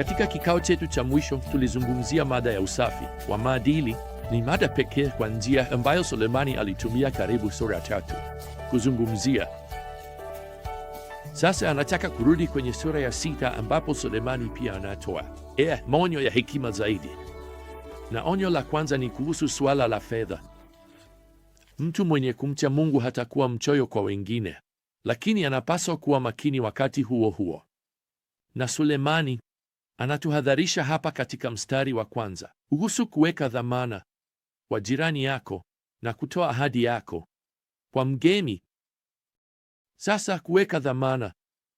Katika kikao chetu cha mwisho tulizungumzia mada ya usafi wa maadili. Ni mada pekee kwa njia ambayo Sulemani alitumia karibu sura tatu kuzungumzia. Sasa anataka kurudi kwenye sura ya sita ambapo Sulemani pia anatoa e, maonyo ya hekima zaidi, na onyo la kwanza ni kuhusu suala la fedha. Mtu mwenye kumcha Mungu hatakuwa mchoyo kwa wengine, lakini anapaswa kuwa makini wakati huo huo. Na Sulemani Anatuhadharisha hapa katika mstari wa kwanza kuhusu kuweka dhamana kwa jirani yako na kutoa ahadi yako kwa mgeni. Sasa kuweka dhamana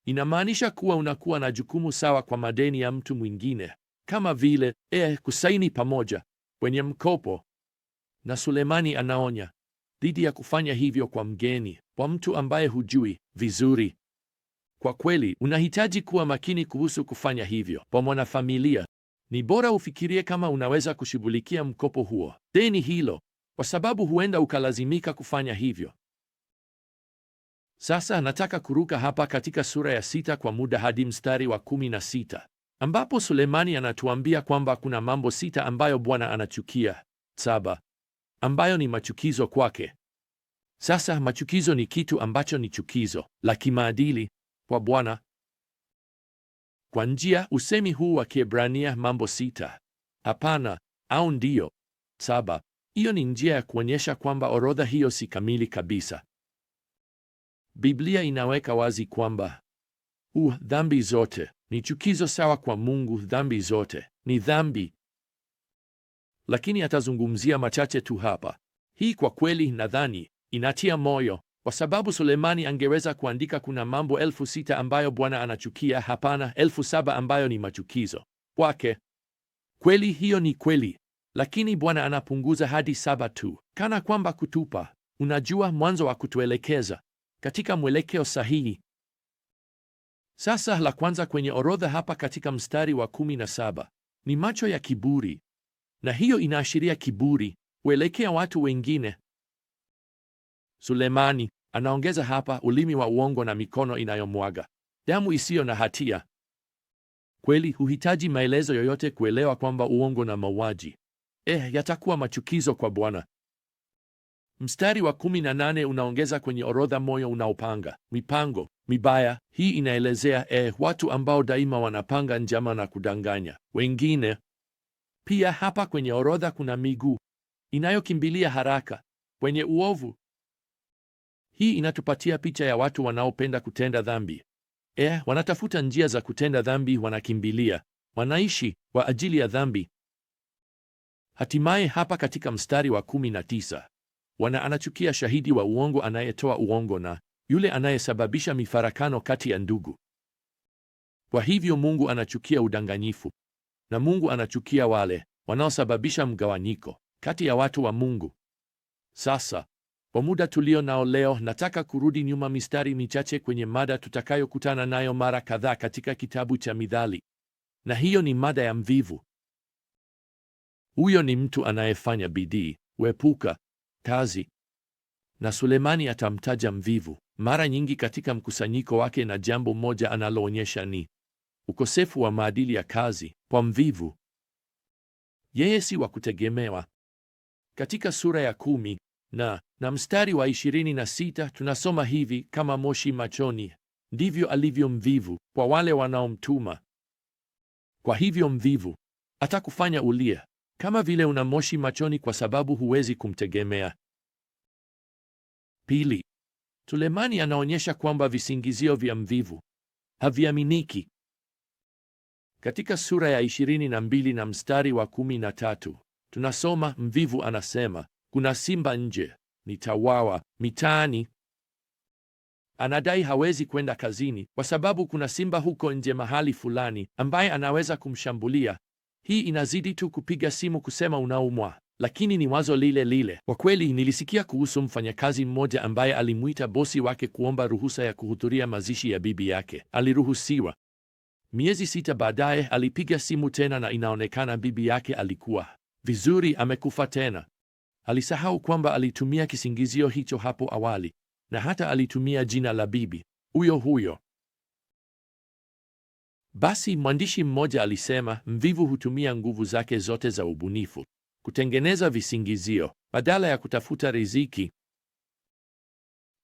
inamaanisha kuwa unakuwa na jukumu sawa kwa madeni ya mtu mwingine, kama vile eh, kusaini pamoja kwenye mkopo. Na Sulemani anaonya dhidi ya kufanya hivyo kwa mgeni, kwa mtu ambaye hujui vizuri kwa kweli, unahitaji kuwa makini kuhusu kufanya hivyo. Kwa mwanafamilia, ni bora ufikirie kama unaweza kushughulikia mkopo huo, deni hilo, kwa sababu huenda ukalazimika kufanya hivyo. Sasa nataka kuruka hapa katika sura ya sita kwa muda hadi mstari wa kumi na sita ambapo Sulemani anatuambia kwamba kuna mambo sita ambayo Bwana anachukia, saba ambayo ni machukizo kwake. Sasa machukizo ni kitu ambacho ni chukizo la kimaadili kwa Bwana. Kwa njia usemi huu wa Kiebrania mambo sita, hapana au ndiyo saba, hiyo ni njia ya kuonyesha kwamba orodha hiyo si kamili kabisa. Biblia inaweka wazi kwamba uh, dhambi zote ni chukizo sawa kwa Mungu. Dhambi zote ni dhambi, lakini atazungumzia machache tu hapa. Hii kwa kweli nadhani inatia moyo kwa sababu Sulemani angeweza kuandika kuna mambo elfu sita ambayo Bwana anachukia, hapana, elfu saba ambayo ni machukizo kwake. Kweli hiyo ni kweli, lakini Bwana anapunguza hadi saba tu, kana kwamba kutupa, unajua, mwanzo wa kutuelekeza katika mwelekeo sahihi. Sasa la kwanza kwenye orodha hapa katika mstari wa 17 ni macho ya kiburi, na hiyo inaashiria kiburi kuelekea watu wengine Sulemani anaongeza hapa, ulimi wa uongo na mikono inayomwaga damu isiyo na hatia. Kweli huhitaji maelezo yoyote kuelewa kwamba uongo na mauaji eh, yatakuwa machukizo kwa Bwana. Mstari wa 18 unaongeza kwenye orodha moyo unaopanga mipango mibaya. Hii inaelezea eh, watu ambao daima wanapanga njama na kudanganya wengine. Pia hapa kwenye orodha kuna miguu inayokimbilia haraka kwenye uovu. Hii inatupatia picha ya watu wanaopenda kutenda dhambi. E, wanatafuta njia za kutenda dhambi, wanakimbilia, wanaishi kwa ajili ya dhambi. Hatimaye hapa katika mstari wa kumi na tisa wana anachukia shahidi wa uongo anayetoa uongo na yule anayesababisha mifarakano kati ya ndugu. Kwa hivyo Mungu anachukia udanganyifu na Mungu anachukia wale wanaosababisha mgawanyiko kati ya watu wa Mungu. Sasa kwa muda tulio nao leo, nataka kurudi nyuma mistari michache kwenye mada tutakayokutana nayo mara kadhaa katika kitabu cha Mithali, na hiyo ni mada ya mvivu. Huyo ni mtu anayefanya bidii, wepuka kazi. Na Sulemani atamtaja mvivu mara nyingi katika mkusanyiko wake, na jambo moja analoonyesha ni ukosefu wa maadili ya kazi kwa mvivu. Yeye si wa kutegemewa. Katika sura ya kumi na na mstari wa ishirini na sita tunasoma hivi, kama moshi machoni ndivyo alivyo mvivu kwa wale wanaomtuma. Kwa hivyo mvivu atakufanya ulia kama vile una moshi machoni, kwa sababu huwezi kumtegemea. Pili, Sulemani anaonyesha kwamba visingizio vya mvivu haviaminiki. Katika sura ya 22 na mstari wa 13 tunasoma, mvivu anasema kuna simba nje nitawawa mitaani. Anadai hawezi kwenda kazini kwa sababu kuna simba huko nje mahali fulani ambaye anaweza kumshambulia. Hii inazidi tu kupiga simu kusema unaumwa, lakini ni wazo lile lile. Kwa kweli, nilisikia kuhusu mfanyakazi mmoja ambaye alimwita bosi wake kuomba ruhusa ya kuhudhuria mazishi ya bibi yake. Aliruhusiwa. Miezi sita baadaye alipiga simu tena, na inaonekana bibi yake alikuwa vizuri, amekufa tena. Alisahau kwamba alitumia kisingizio hicho hapo awali, na hata alitumia jina la bibi huyo huyo. Basi mwandishi mmoja alisema, mvivu hutumia nguvu zake zote za ubunifu kutengeneza visingizio badala ya kutafuta riziki.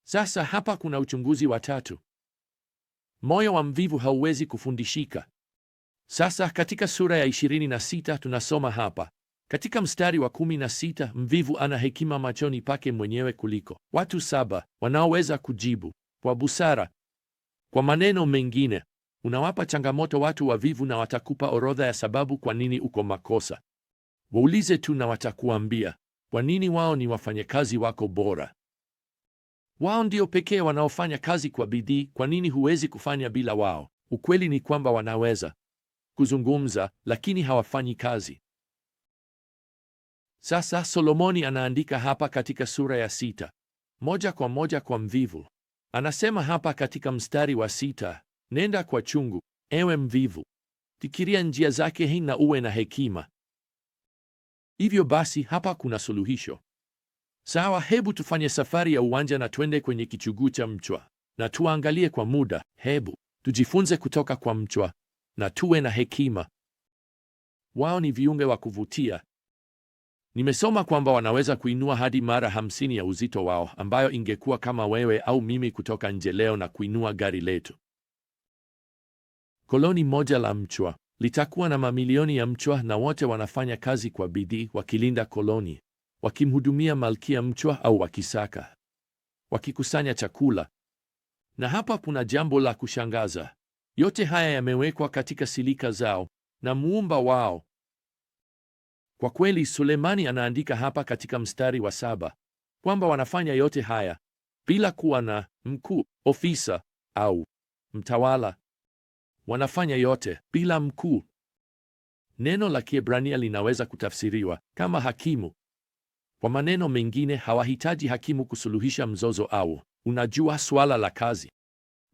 Sasa hapa kuna uchunguzi wa tatu: moyo wa mvivu hauwezi kufundishika. Sasa katika sura ya 26 tunasoma hapa katika mstari wa kumi na sita mvivu ana hekima machoni pake mwenyewe kuliko watu saba wanaoweza kujibu kwa busara. Kwa maneno mengine, unawapa changamoto watu wavivu na watakupa orodha ya sababu kwa nini uko makosa. Waulize tu na watakuambia kwa nini wao ni wafanyakazi wako bora. Wao ndio pekee wanaofanya kazi kwa bidii. Kwa nini huwezi kufanya bila wao? Ukweli ni kwamba wanaweza kuzungumza, lakini hawafanyi kazi. Sasa Solomoni anaandika hapa katika sura ya sita moja kwa moja kwa mvivu. Anasema hapa katika mstari wa sita, nenda kwa chungu, ewe mvivu, fikiria njia zake hii na uwe na hekima. Hivyo basi, hapa kuna suluhisho. Sawa, hebu tufanye safari ya uwanja na twende kwenye kichuguu cha mchwa na tuangalie kwa muda. Hebu tujifunze kutoka kwa mchwa na tuwe na hekima. Wao ni viunge wa kuvutia Nimesoma kwamba wanaweza kuinua hadi mara hamsini ya uzito wao, ambayo ingekuwa kama wewe au mimi kutoka nje leo na kuinua gari letu. Koloni moja la mchwa litakuwa na mamilioni ya mchwa, na wote wanafanya kazi kwa bidii, wakilinda koloni, wakimhudumia malkia mchwa au wakisaka, wakikusanya chakula. Na hapa kuna jambo la kushangaza: yote haya yamewekwa katika silika zao na muumba wao. Kwa kweli Sulemani anaandika hapa katika mstari wa saba kwamba wanafanya yote haya bila kuwa na mkuu, ofisa au mtawala. Wanafanya yote bila mkuu. Neno la Kiebrania linaweza kutafsiriwa kama hakimu. Kwa maneno mengine, hawahitaji hakimu kusuluhisha mzozo au, unajua, swala la kazi.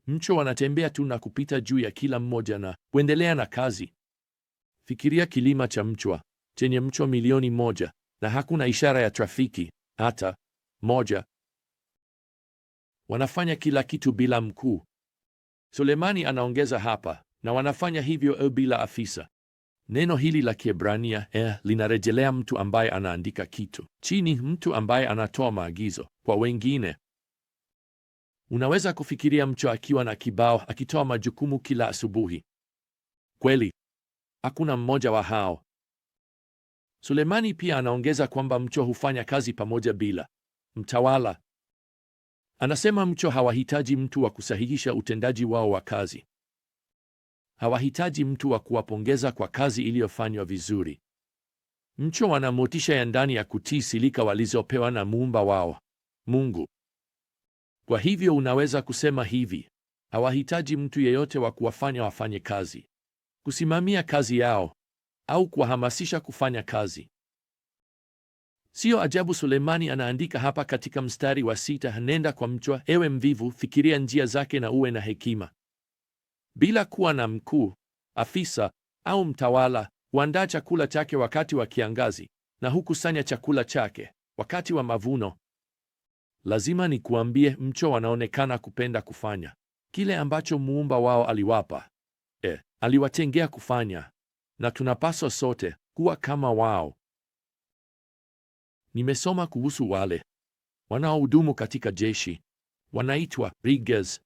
Mcho wanatembea tu na kupita juu ya kila mmoja na kuendelea na kazi. Fikiria kilima cha mchwa chenye mchwa milioni moja na hakuna ishara ya trafiki hata moja. Wanafanya kila kitu bila mkuu. Sulemani anaongeza hapa, na wanafanya hivyo e, bila afisa. Neno hili la Kiebrania eh, linarejelea mtu ambaye anaandika kitu chini, mtu ambaye anatoa maagizo kwa wengine. Unaweza kufikiria mchwa akiwa na kibao akitoa majukumu kila asubuhi. Kweli hakuna mmoja wa hao Sulemani pia anaongeza kwamba mcho hufanya kazi pamoja bila mtawala. Anasema mcho hawahitaji mtu wa kusahihisha utendaji wao wa kazi, hawahitaji mtu wa kuwapongeza kwa kazi iliyofanywa vizuri. Mcho wana motisha ya ndani ya kutii silika walizopewa na muumba wao Mungu. Kwa hivyo unaweza kusema hivi, hawahitaji mtu yeyote wa kuwafanya wafanye kazi, kusimamia kazi yao au kuwahamasisha kufanya kazi. Sio ajabu Sulemani anaandika hapa katika mstari wa sita, nenda kwa mchwa, ewe mvivu, fikiria njia zake na uwe na hekima. Bila kuwa na mkuu, afisa au mtawala, huandaa chakula chake wakati wa kiangazi na hukusanya chakula chake wakati wa mavuno. Lazima nikuambie, mchwa wanaonekana kupenda kufanya kile ambacho muumba wao aliwapa, e, aliwatengea kufanya na tunapaswa sote kuwa kama wao. Nimesoma kuhusu wale wanaohudumu katika jeshi, wanaitwa riggers.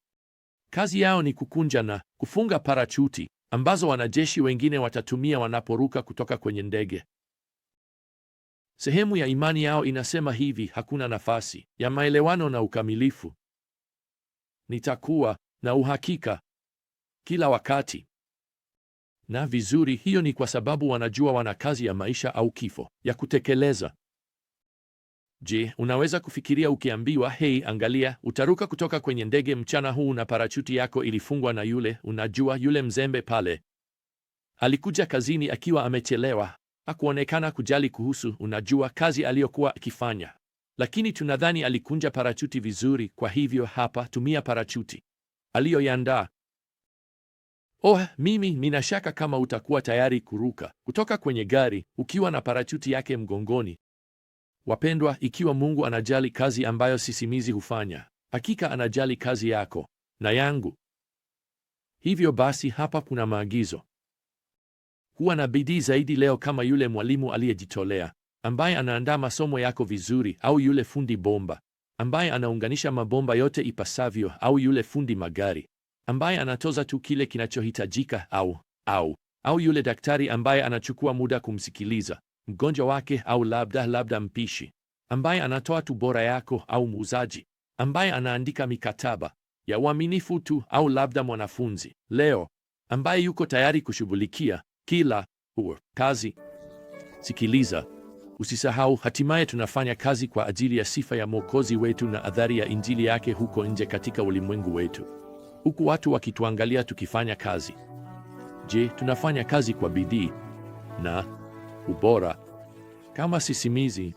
Kazi yao ni kukunja na kufunga parachuti ambazo wanajeshi wengine watatumia wanaporuka kutoka kwenye ndege. Sehemu ya imani yao inasema hivi: hakuna nafasi ya maelewano na ukamilifu, nitakuwa na uhakika kila wakati na vizuri. Hiyo ni kwa sababu wanajua wana kazi ya maisha au kifo ya kutekeleza. Je, unaweza kufikiria ukiambiwa, hei, angalia, utaruka kutoka kwenye ndege mchana huu na parachuti yako ilifungwa na yule, unajua, yule mzembe pale alikuja kazini akiwa amechelewa, hakuonekana kujali kuhusu, unajua, kazi aliyokuwa akifanya, lakini tunadhani alikunja parachuti vizuri. Kwa hivyo hapa, tumia parachuti aliyoyandaa Oh, mimi nina shaka kama utakuwa tayari kuruka kutoka kwenye gari ukiwa na parachuti yake mgongoni. Wapendwa, ikiwa Mungu anajali kazi ambayo sisimizi hufanya, hakika anajali kazi yako na yangu. Hivyo basi, hapa kuna maagizo: kuwa na bidii zaidi leo kama yule mwalimu aliyejitolea ambaye anaandaa masomo yako vizuri, au yule fundi bomba ambaye anaunganisha mabomba yote ipasavyo, au yule fundi magari ambaye anatoza tu kile kinachohitajika au au au yule daktari ambaye anachukua muda kumsikiliza mgonjwa wake, au labda labda mpishi ambaye anatoa tu bora yako, au muuzaji ambaye anaandika mikataba ya uaminifu tu, au labda mwanafunzi leo ambaye yuko tayari kushughulikia kila huo kazi. Sikiliza, usisahau, hatimaye tunafanya kazi kwa ajili ya sifa ya Mwokozi wetu na adhari ya Injili yake huko nje katika ulimwengu wetu huku watu wakituangalia tukifanya kazi. Je, tunafanya kazi kwa bidii na ubora kama sisimizi?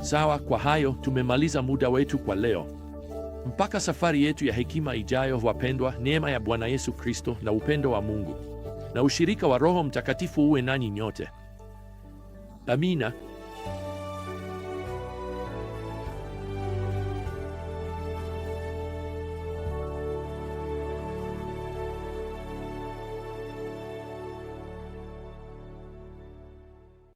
Sawa, kwa hayo tumemaliza muda wetu kwa leo. Mpaka safari yetu ya hekima ijayo, wapendwa, neema ya Bwana Yesu Kristo na upendo wa Mungu na ushirika wa Roho Mtakatifu uwe nanyi nyote. Amina.